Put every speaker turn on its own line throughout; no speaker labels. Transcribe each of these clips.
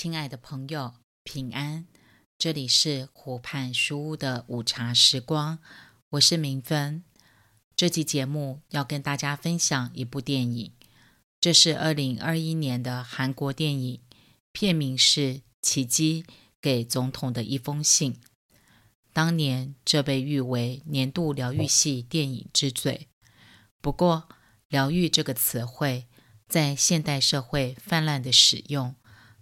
親愛的朋友，平安，這裡是湖畔書屋的午茶時光，我是明芬。這期節目要跟大家分享一部電影，這是二零二一年的韓國電影，片名是《奇蹟給總統的一封信》。當年這被譽為年度療癒系電影之最。不過，療癒這個詞彙在現代社會氾濫的使用。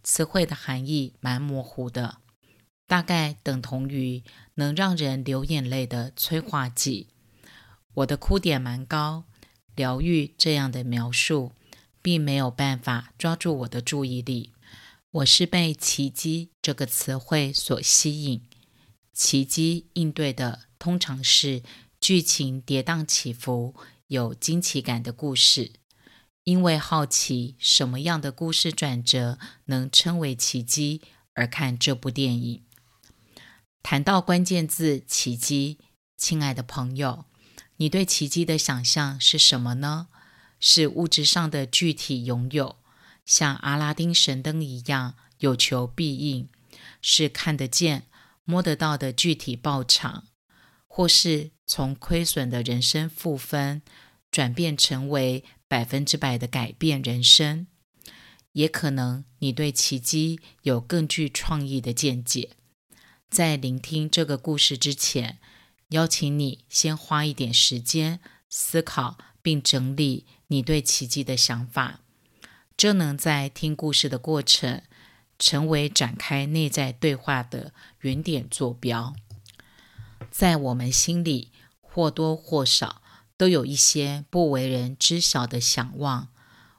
詞彙的含義蠻模糊的，大概等同於能讓人流眼淚的催化劑。我的哭點蠻高，療癒這樣的描述並沒有辦法抓住我的注意力。我是被“奇蹟”這個詞彙所吸引，奇蹟應對的通常是劇情跌宕起伏、有驚奇感的故事。因為好奇什麼樣的故事轉折能稱為奇蹟而看這部電影。談到關鍵字“奇蹟”，親愛的朋友，你對奇蹟的想象是什麼呢？是物質上的具體擁有，像阿拉丁神燈一樣有求必應，是看得見、摸得到的具體報償，或是從虧損的人生負分轉變成為？百分之百的改變人生，也可能你對奇蹟有更具創意的見解。在聆聽這個故事之前，邀請你先花一點時間思考並整理你對奇蹟的想法，這能在聽故事的過程成為展開內在對話的原點坐標。在我們心裡，或多或少，都有一些不為人知曉的想望，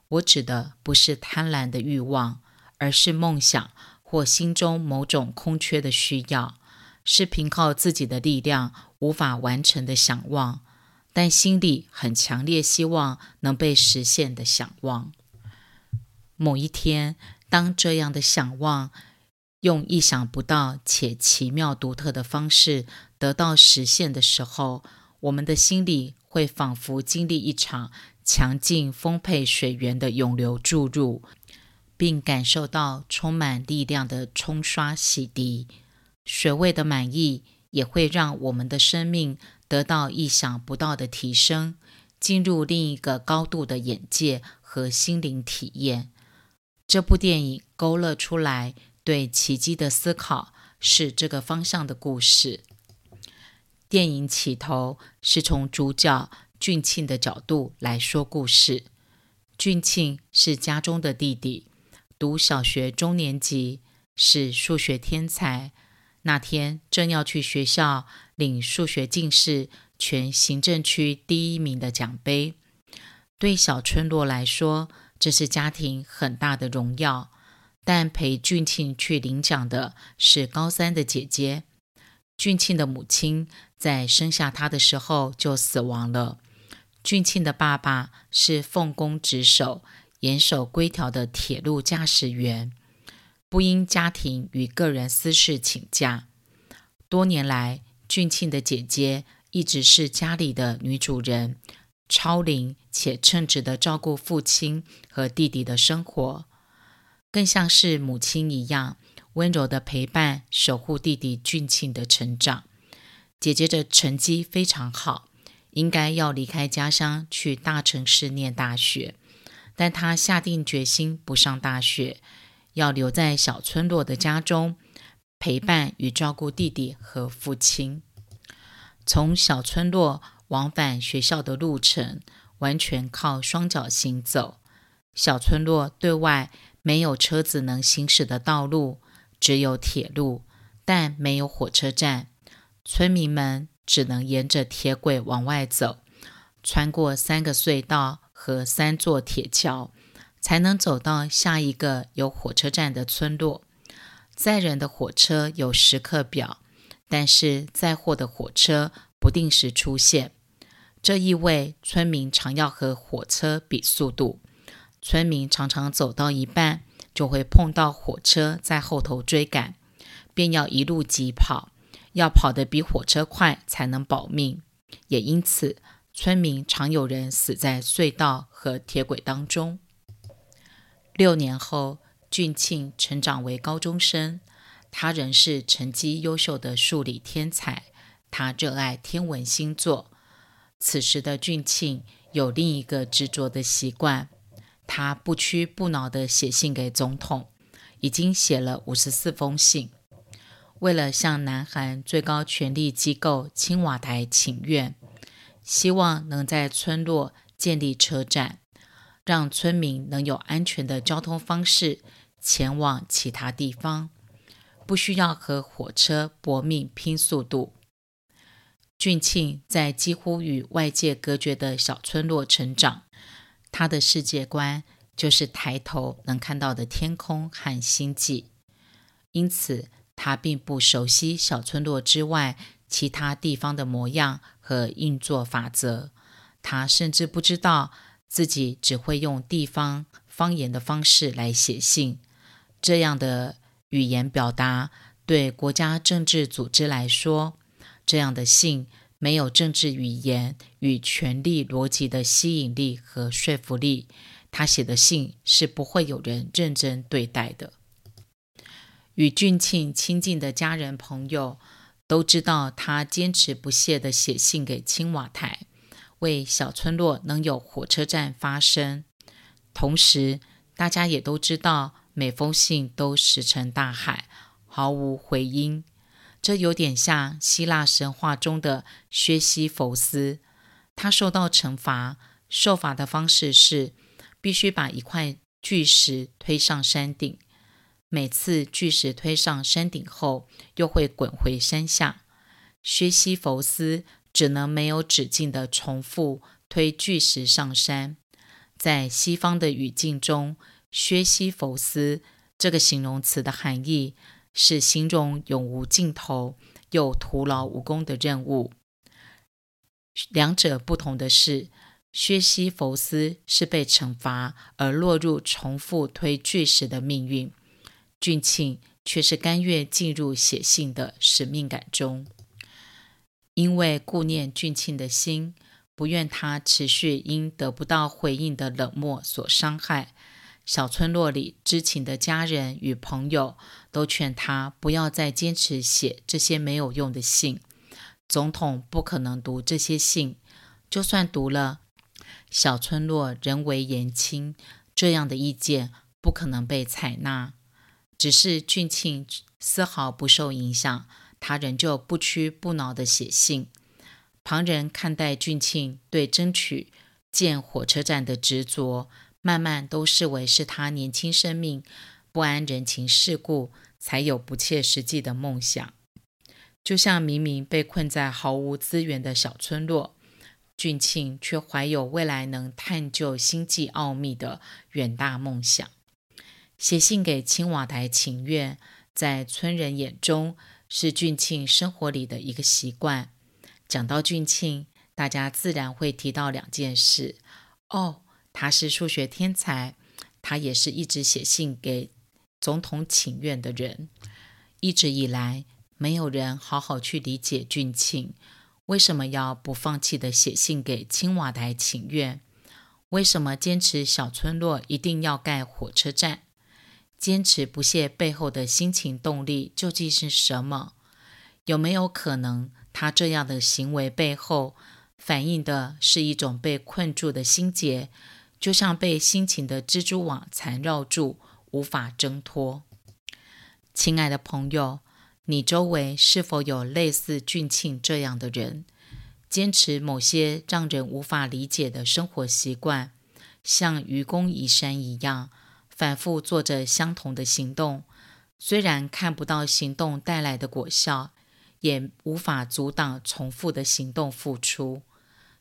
我指的不是貪婪的欲望，而是夢想或心中某種空缺的需要，是憑靠自己的力量無法完成的想望，但心裡很強烈希望能被實現的想望。某一天，當這樣的想望用意想不到且奇妙獨特的方式得到實現的時候，我們的心裡，會仿佛經歷一場強勁豐沛水源的湧流注入，並感受到充滿力量的沖刷洗滌。水位的滿意也會讓我們的生命得到意想不到的提升，進入另一個高度的眼界和心靈體驗。這部電影勾勒出來對奇蹟的思考，是這個方向的故事。電影起頭是從主角俊慶的角度來說故事。俊慶是家中的弟弟，讀小學中年級，是數學天才。那天正要去學校領數學進士全行政區第一名的獎杯，對小村落來說，這是家庭很大的榮耀。但陪俊慶去領獎的是高三的姐姐，俊慶的母親在生下他的時候就死亡了。俊慶的爸爸是奉公職守、嚴守規條的鐵路駕駛員，不因家庭與個人私事請假。多年來，俊慶的姐姐一直是家裡的女主人，超齡且稱職的照顧父親和弟弟的生活，更像是母親一樣溫柔的陪伴，守護弟弟俊慶的成長。姐姐的成績非常好，應該要離開家鄉去大城市念大學，但她下定決心不上大學，要留在小村落的家中，陪伴與照顧弟弟和父親。從小村落往返學校的路程完全靠雙腳行走。小村落對外沒有車子能行駛的道路，只有鐵路，但沒有火車站。村民們只能沿着鐵軌往外走，穿過三個隧道和三座鐵橋，才能走到下一個有火車站的村落。載人的火車有時刻表，但是載貨的火車不定時出現。這意味村民常要和火車比速度。村民常常走到一半，就會碰到火車在後頭追趕，便要一路疾跑。要跑得比火車快才能保命，也因此，村民常有人死在隧道和鐵軌當中。六年後，俊慶成長為高中生，他仍是成績優秀的數理天才。他熱愛天文星座。此時的俊慶有另一個執着的習慣，他不屈不撓的寫信給總統，已經寫了五十四封信。為了向南韓最高權力機構青瓦台請願，希望能在村落建立車站，讓村民能有安全的交通方式前往其他地方，不需要和火車搏命拼速度。俊慶在幾乎與外界隔絕的小村落成長，他的世界觀就是抬頭能看到的天空和星際，因此，他並不熟悉小村落之外其他地方的模樣和運作法則，他甚至不知道自己只會用地方方言的方式來寫信。這樣的語言表達對國家政治組織來說，這樣的信沒有政治語言與權力邏輯的吸引力和說服力，他寫的信是不會有人認真對待的。與俊慶親近的家人朋友都知道，他堅持不懈地寫信給青瓦台，為小村落能有火車站發聲。同時，大家也都知道，每封信都石沉大海，毫無回音。這有點像希臘神話中的薛西弗斯，他受到懲罰，受罰的方式是必須把一塊巨石推上山頂。每次巨石推上山頂後，又會滾回山下。薛西弗斯只能沒有止境地重複推巨石上山。在西方的語境中，“薛西弗斯”這個形容詞的含義是形容永無盡頭，又徒勞無功的任務。兩者不同的是，薛西弗斯是被懲罰而落入重複推巨石的命運。俊慶卻是甘願進入寫信的使命感中，因為顧念俊慶的心，不願他持續因得不到回應的冷漠所傷害。小村落裡知情的家人與朋友都勸他不要再堅持寫這些沒有用的信。總統不可能讀這些信，就算讀了，小村落人微言輕，這樣的意見不可能被採納。只是俊慶絲毫不受影響，他仍舊不屈不撓的寫信。旁人看待俊慶對爭取建火車站的執着，慢慢都視為是他年輕生命不諳人情世故，才有不切實際的夢想。就像明明被困在毫無資源的小村落，俊慶卻懷有未來能探究星際奧秘的遠大夢想。寫信給青瓦台請願，在村人眼中是俊慶生活裡的一個習慣。講到俊慶，大家自然會提到兩件事。哦，他是數學天才，他也是一直寫信給總統請願的人。一直以來，沒有人好好去理解俊慶，為什麼要不放棄地寫信給青瓦台請願？為什麼堅持小村落一定要蓋火車站？堅持不懈背後的心情動力究竟是什麼？有沒有可能，他這樣的行為背後反映的是一種被困住的心結，就像被隱情的蜘蛛網纏繞住，無法掙脫？親愛的朋友，你周圍是否有類似俊慶這樣的人，堅持某些讓人無法理解的生活習慣，像愚公移山一樣？反覆做着相同的行動，雖然看不到行動帶來的果效，也無法阻擋重複的行動付出。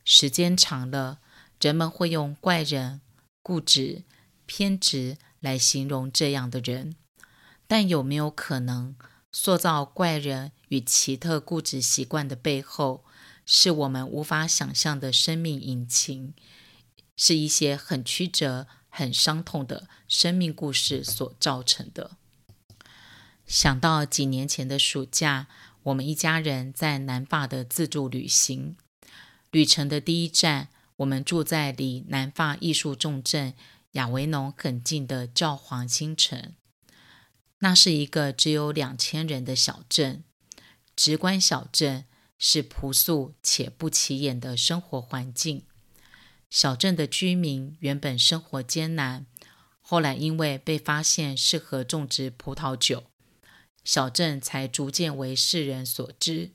時間長了，人們會用怪人、固執、偏執來形容這樣的人。但有沒有可能，塑造怪人與奇特固執習慣的背後，是我們無法想象的生命引擎，是一些很曲折，很傷痛的生命故事所造成的。想到幾年前的暑假，我們一家人在南法的自助旅行。旅程的第一站，我們住在離南法藝術重鎮雅維農很近的教皇新城。那是一個只有兩千人的小鎮，直觀小鎮是樸素且不起眼的生活環境。小鎮的居民原本生活艱難，後來因為被發現適合種植葡萄酒，小鎮才逐漸為世人所知。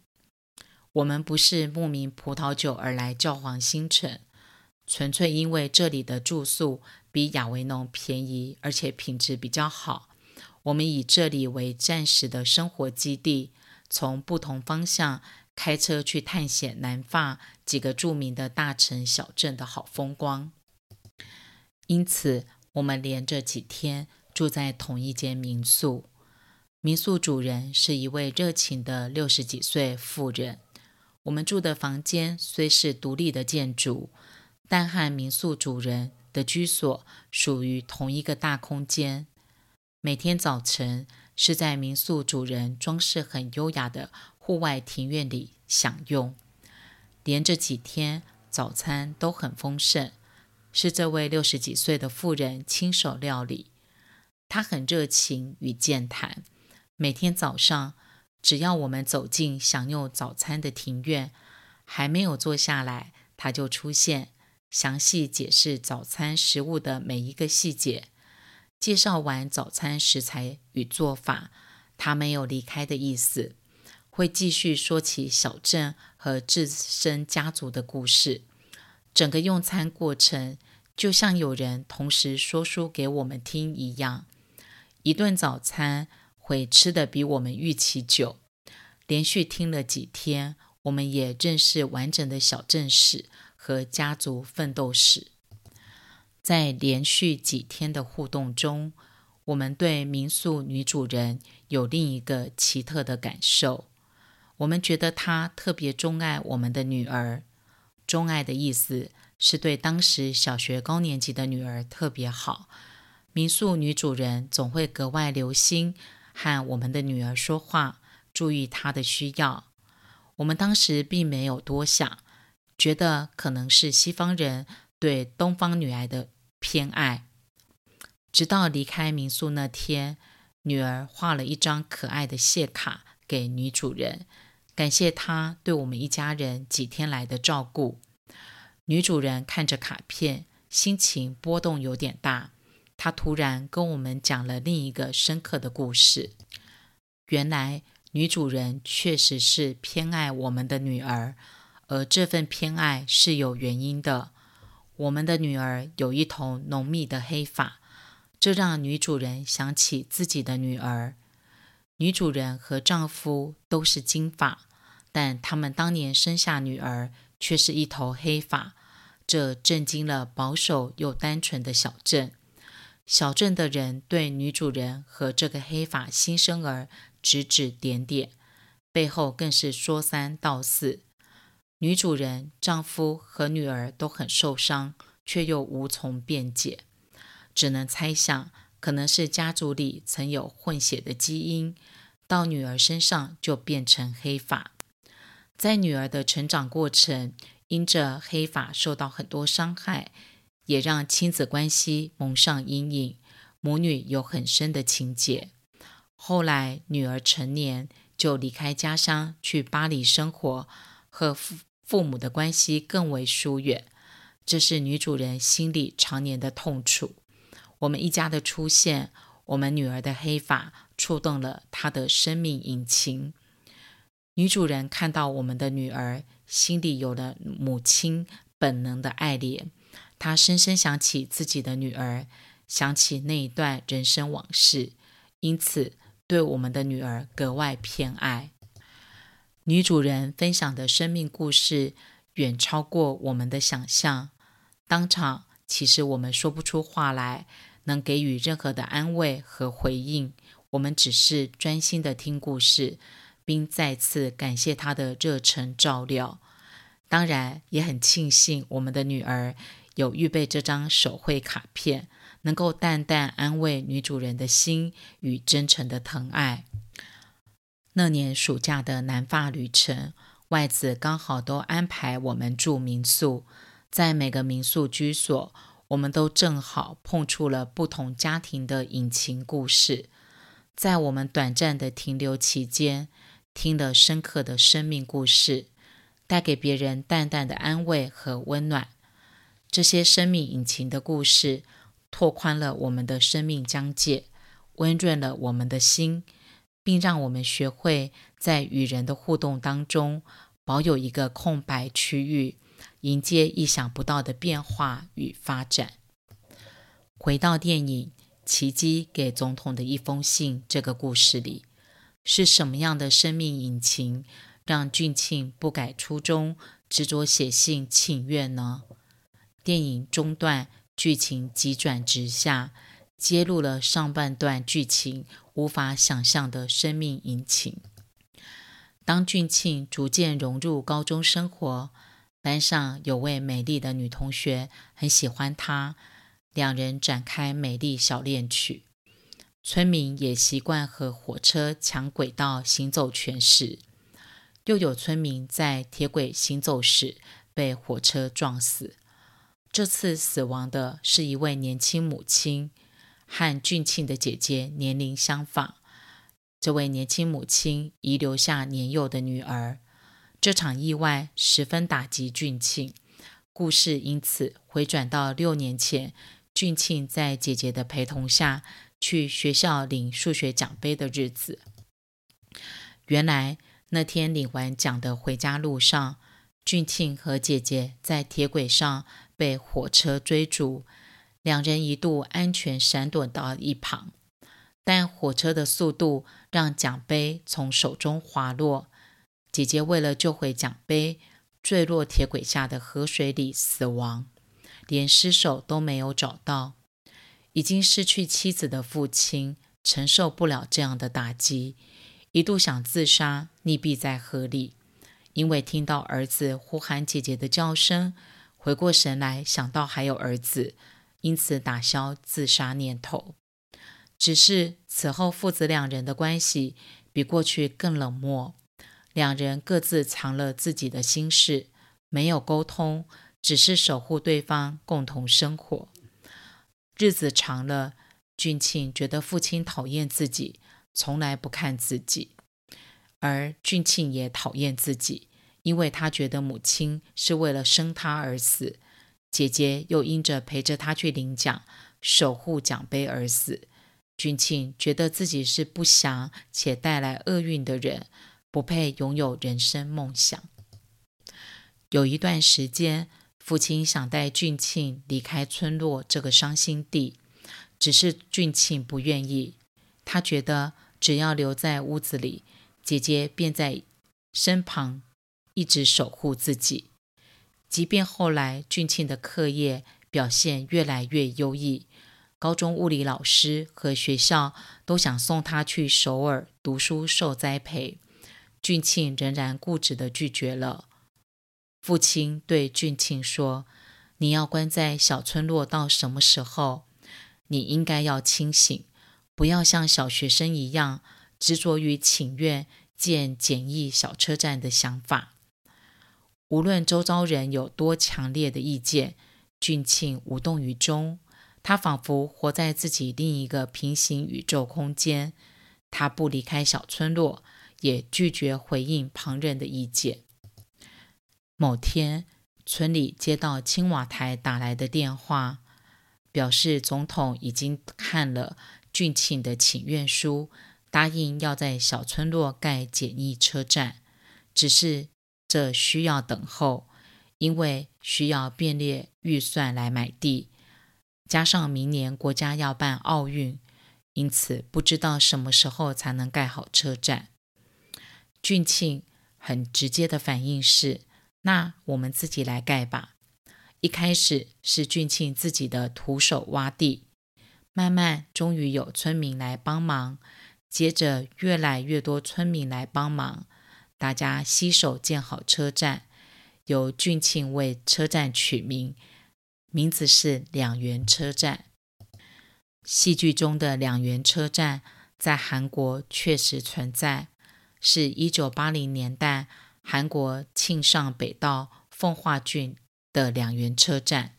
我們不是慕名葡萄酒而來教皇新城，純粹因為這裡的住宿比亞維農便宜，而且品質比較好。我們以這裡為暫時的生活基地，從不同方向開車去探險南法。幾個著名的大城小鎮的好風光，因此我們連着幾天住在同一間民宿。民宿主人是一位熱情的六十幾歲婦人。我們住的房間雖是獨立的建築，但和民宿主人的居所屬於同一個大空間。每天早晨是在民宿主人裝飾很優雅的戶外庭院裡享用。連着幾天，早餐都很豐盛，是這位六十幾歲的婦人親手料理。她很熱情與健談，每天早上，只要我們走進享用早餐的庭院，還沒有坐下來，她就出現，詳細解釋早餐食物的每一個細節。介紹完早餐食材與做法，她沒有離開的意思，會繼續說起小鎮。和自身家族的故事，整個用餐過程就像有人同時說書給我們聽一樣。一頓早餐會吃得比我們預期久，連續聽了幾天，我們也認識完整的小鎮史和家族奮鬥史。在連續幾天的互動中，我們對民宿女主人有另一個奇特的感受。我們覺得她特別鍾愛我們的女兒，鍾愛的意思是對當時小學高年級的女兒特別好。民宿女主人總會格外留心和我們的女兒說話，注意她的需要。我們當時並沒有多想，覺得可能是西方人對東方女孩的偏愛。直到離開民宿那天，女兒畫了一張可愛的謝卡給女主人。感謝她對我們一家人幾天來的照顧。女主人看着卡片，心情波動有點大。她突然跟我們講了另一個深刻的故事。原來，女主人確實是偏愛我們的女兒，而這份偏愛是有原因的。我們的女兒有一頭濃密的黑髮，這讓女主人想起自己的女兒。女主人和丈夫都是金髮，但他們當年生下女兒卻是一頭黑髮，這震驚了保守又單純的小鎮。小鎮的人對女主人和這個黑髮新生兒指指點點，背後更是說三道四。女主人、丈夫和女兒都很受傷，卻又無從辯解，只能猜想，可能是家族裡曾有混血的基因。到女兒身上就變成黑髮，在女兒的成長過程，因着黑髮受到很多傷害，也讓親子關係蒙上陰影，母女有很深的情結。後來女兒成年就離開家鄉去巴黎生活，和父父母的關係更為疏遠，這是女主人心裡常年的痛楚。我們一家的出現，我們女兒的黑髮。觸動了他的生命引擎。女主人看到我們的女兒，心裡有了母親本能的愛憐。她深深想起自己的女兒，想起那一段人生往事，因此對我們的女兒格外偏愛。女主人分享的生命故事遠超過我們的想象。當場，其實我們說不出話來，能給予任何的安慰和回應。我們只是專心地聽故事，並再次感謝他的熱忱照料。當然，也很慶幸我們的女兒有預備這張手繪卡片，能夠淡淡安慰女主人的心與真誠的疼愛。那年暑假的南法旅程，外子剛好都安排我們住民宿，在每個民宿居所，我們都正好碰觸了不同家庭的隱情故事。在我們短暫的停留期間，聽了深刻的生命故事，帶給別人淡淡的安慰和溫暖。這些生命隱情的故事，拓寬了我們的生命疆界，溫潤了我們的心，並讓我們學會在與人的互動當中，保有一個空白區域，迎接意想不到的變化與發展。回到電影。奇蹟給總統的一封信，這個故事裡是什麼樣的生命隱情，讓俊慶不改初衷，執着寫信請願呢？電影中段劇情急轉直下，揭露了上半段劇情無法想象的生命隱情。當俊慶逐漸融入高中生活，班上有位美麗的女同學很喜歡他。兩人展開美麗小戀曲，村民也習慣和火車搶軌道行走權時。又有村民在鐵軌行走時被火車撞死。這次死亡的是一位年輕母親，和俊慶的姐姐年齡相仿。這位年輕母親遺留下年幼的女兒。這場意外十分打擊俊慶，故事因此回轉到六年前。俊慶在姐姐的陪同下去學校領數學獎杯的日子，原來那天領完獎的回家路上，俊慶和姐姐在鐵軌上被火車追逐，兩人一度安全閃躲到一旁，但火車的速度讓獎杯從手中滑落，姐姐為了救回獎杯，墜落鐵軌下的河水裡死亡。連屍首都沒有找到，已經失去妻子的父親承受不了這樣的打擊，一度想自殺，溺斃在河裡。因為聽到兒子呼喊姐姐的叫聲，回過神來，想到還有兒子，因此打消自殺念頭。只是此後父子兩人的關係比過去更冷漠，兩人各自藏了自己的心事，沒有溝通。只是守護對方，共同生活。日子長了，俊慶覺得父親討厭自己，從來不看自己；而俊慶也討厭自己，因為他覺得母親是為了生他而死，姐姐又因着陪着他去領獎、守護獎杯而死。俊慶覺得自己是不祥且帶來厄運的人，不配擁有人生夢想。有一段時間，父親想帶俊慶離開村落這個傷心地，只是俊慶不願意。他覺得只要留在屋子裡，姐姐便在身旁一直守護自己。即便後來俊慶的課業表現越來越優異，高中物理老師和學校都想送他去首爾讀書受栽培，俊慶仍然固執地拒絕了。父親對俊慶說：“你要關在小村落到什麼時候？你應該要清醒，不要像小學生一樣執着於請願建簡易小車站的想法。無論周遭人有多強烈的意見，俊慶無動於衷。他仿佛活在自己另一個平行宇宙空間。他不離開小村落，也拒絕回應旁人的意見。”某天，村裡接到青瓦台打來的電話，表示總統已經看了俊慶的請願書，答應要在小村落蓋簡易車站，只是這需要等候，因為需要編列預算來買地，加上明年國家要辦奧運，因此不知道什麼時候才能蓋好車站。俊慶很直接的反應是。那我們自己來蓋吧。一開始是俊慶自己的徒手挖地，慢慢終於有村民來幫忙，接着越來越多村民來幫忙，大家攜手建好車站。由俊慶為車站取名，名字是兩元車站。戲劇中的兩元車站在韓國確實存在，是一九八零年代，韓國慶尚北道奉化郡的兩元車站，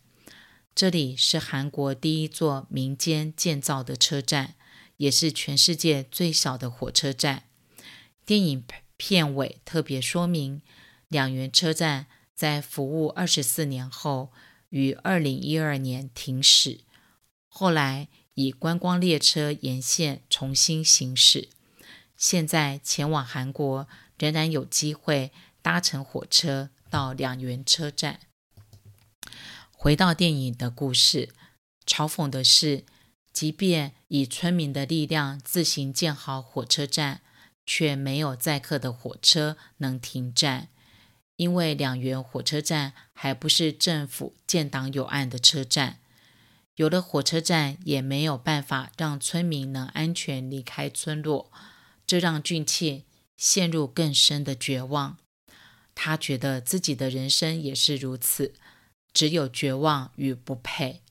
這裡是韓國第一座民間建造的車站，也是全世界最小的火車站。電影片尾特別說明，兩元車站在服務二十四年後於二零一二年停駛，後來以觀光列車沿線重新行駛。現在前往韓國。仍然有機會搭乘火車到兩元車站。回到電影的故事，嘲諷的是，即便以村民的力量自行建好火車站，卻沒有載客的火車能停站，因為兩元火車站還不是政府建檔有案的車站。有了火車站，也沒有辦法讓村民能安全離開村落，這讓俊慶陷入更深的絕望，他覺得自己的人生也是如此，只有絕望與不配。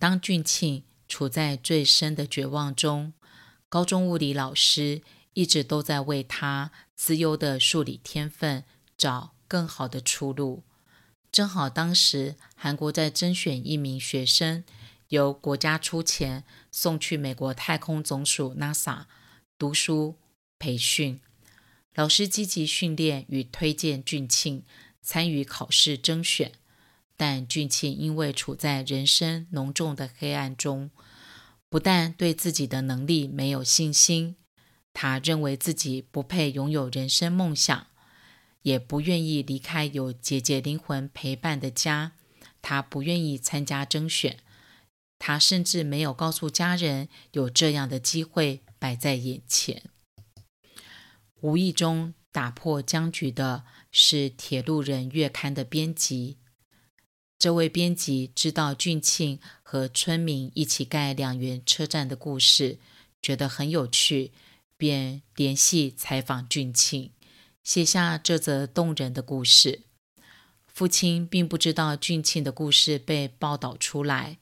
當俊慶處在最深的絕望中，高中物理老師一直都在為他資優的數理天分找更好的出路。正好當時韓國在甄選一名學生，由國家出錢送去美國太空總署 NASA 讀書。培訓老師積極訓練與推薦俊慶參與考試徵選，但俊慶因為處在人生濃重的黑暗中，不但對自己的能力沒有信心，他認為自己不配擁有人生夢想，也不願意離開有姐姐靈魂陪伴的家。他不願意參加徵選，他甚至沒有告訴家人有這樣的機會擺在眼前。無意中打破僵局的是《鐵路人》月刊的編輯。這位編輯知道俊慶和村民一起蓋兩元車站的故事，覺得很有趣，便聯繫採訪俊慶，寫下這則動人的故事。父親並不知道俊慶的故事被報道出來，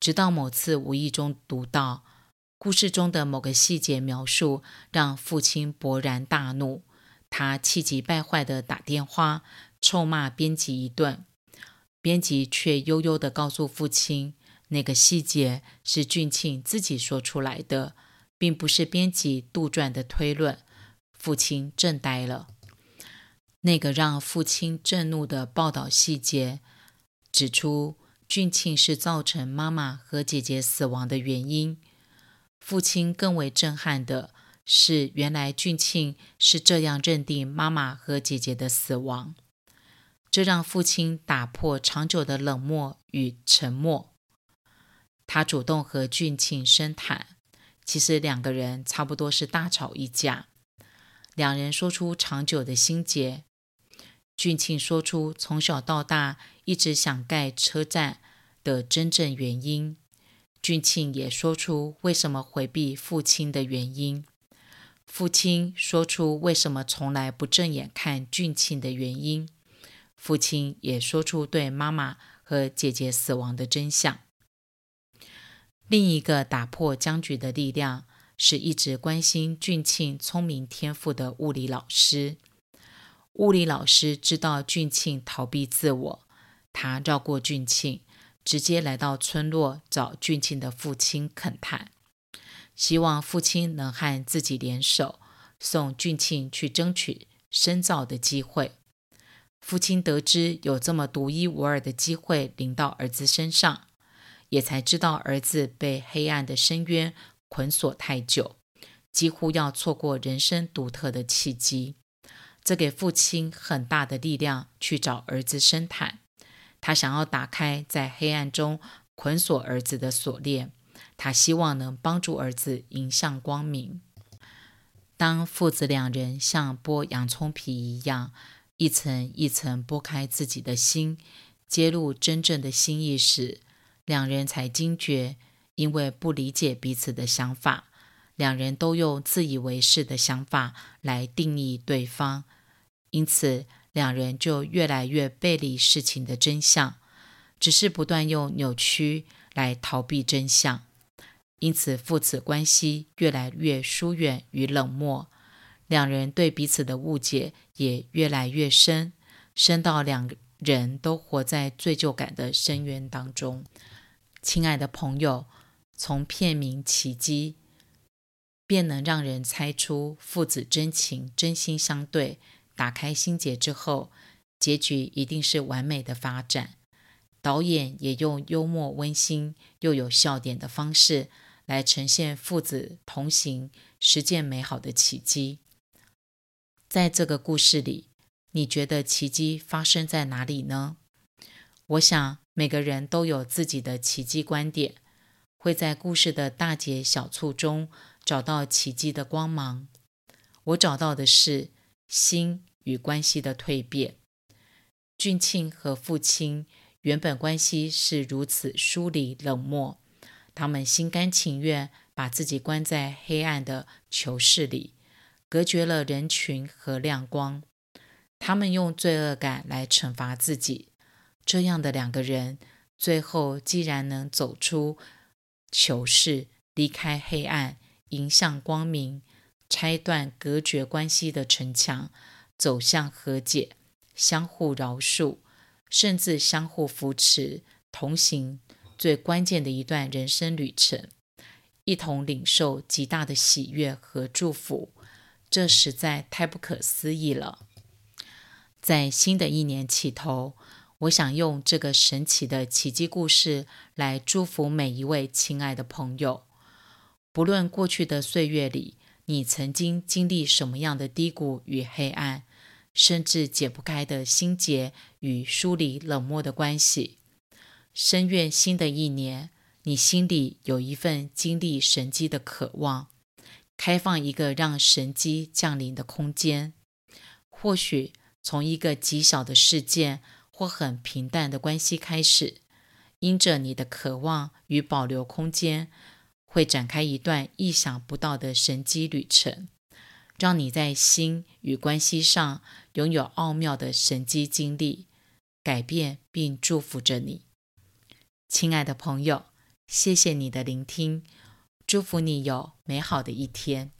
直到某次無意中讀到。故事中的某個細節描述讓父親勃然大怒，他氣急敗壞地打電話臭罵編輯一頓。編輯卻悠悠地告訴父親，那個細節是俊慶自己說出來的，並不是編輯杜撰的推論。父親震呆了。那個讓父親震怒的報道細節指出，俊慶是造成媽媽和姐姐死亡的原因。父親更為震撼的是，原來俊慶是這樣認定媽媽和姐姐的死亡，這讓父親打破長久的冷漠與沉默。他主動和俊慶深談，其實兩個人差不多是大吵一架，兩人說出長久的心結。俊慶說出從小到大一直想蓋車站的真正原因。俊慶也說出為什麼回避父親的原因，父親說出為什麼從來不正眼看俊慶的原因，父親也說出對媽媽和姐姐死亡的真相。另一個打破僵局的力量是一直關心俊慶聰明天賦的物理老師。物理老師知道俊慶逃避自我，他繞過俊慶。直接來到村落找俊慶的父親懇談，希望父親能和自己聯手，送俊慶去爭取深造的機會。父親得知有這麼獨一無二的機會臨到兒子身上，也才知道兒子被黑暗的深淵捆鎖太久，幾乎要錯過人生獨特的契機。這給父親很大的力量去找兒子深談。他想要打開在黑暗中捆鎖兒子的鎖鏈，他希望能幫助兒子迎向光明。當父子兩人像剝洋蔥皮一樣一層一層剝開自己的心，揭露真正的心意時，兩人才驚覺，因為不理解彼此的想法，兩人都用自以為是的想法來定義對方，因此，兩人就越來越背離事情的真相，只是不斷用扭曲來逃避真相，因此父子關係越來越疏遠與冷漠，兩人對彼此的誤解也越來越深，深到兩人都活在罪疚感的深淵當中。親愛的朋友，從片名《奇蹟》便能讓人猜出父子真情，真心相對。打開心結之後，結局一定是完美的發展。導演也用幽默、溫馨又有笑點的方式，來呈現父子同行、實踐美好的奇蹟。在這個故事裡，你覺得奇蹟發生在哪裡呢？我想每個人都有自己的奇蹟觀點，會在故事的大節小處中找到奇蹟的光芒。我找到的是，心與關係的蛻變。俊慶和父親原本關係是如此疏離冷漠，他們心甘情願把自己關在黑暗的囚室裡，隔絕了人群和亮光。他們用罪惡感來懲罰自己。這樣的兩個人，最後既然能走出囚室，離開黑暗，迎向光明。拆斷隔絕關係的城牆，走向和解、相互饒恕，甚至相互扶持同行，最關鍵的一段人生旅程，一同領受極大的喜悅和祝福，這實在太不可思議了。在新的一年起頭，我想用這個神奇的奇蹟故事來祝福每一位親愛的朋友，不論過去的歲月裡，你曾經經歷什麼樣的低谷與黑暗，甚至解不開的心結與疏離冷漠的關係？深願新的一年，你心裡有一份經歷神蹟的渴望，開放一個讓神蹟降臨的空間。或許從一個極小的事件或很平淡的關係開始，因着你的渴望與保留空間。會展開一段意想不到的神蹟旅程，讓你在心與關係上擁有奧妙的神蹟經歷，改變並祝福着你。親愛的朋友，謝謝你的聆聽，祝福你有美好的一天。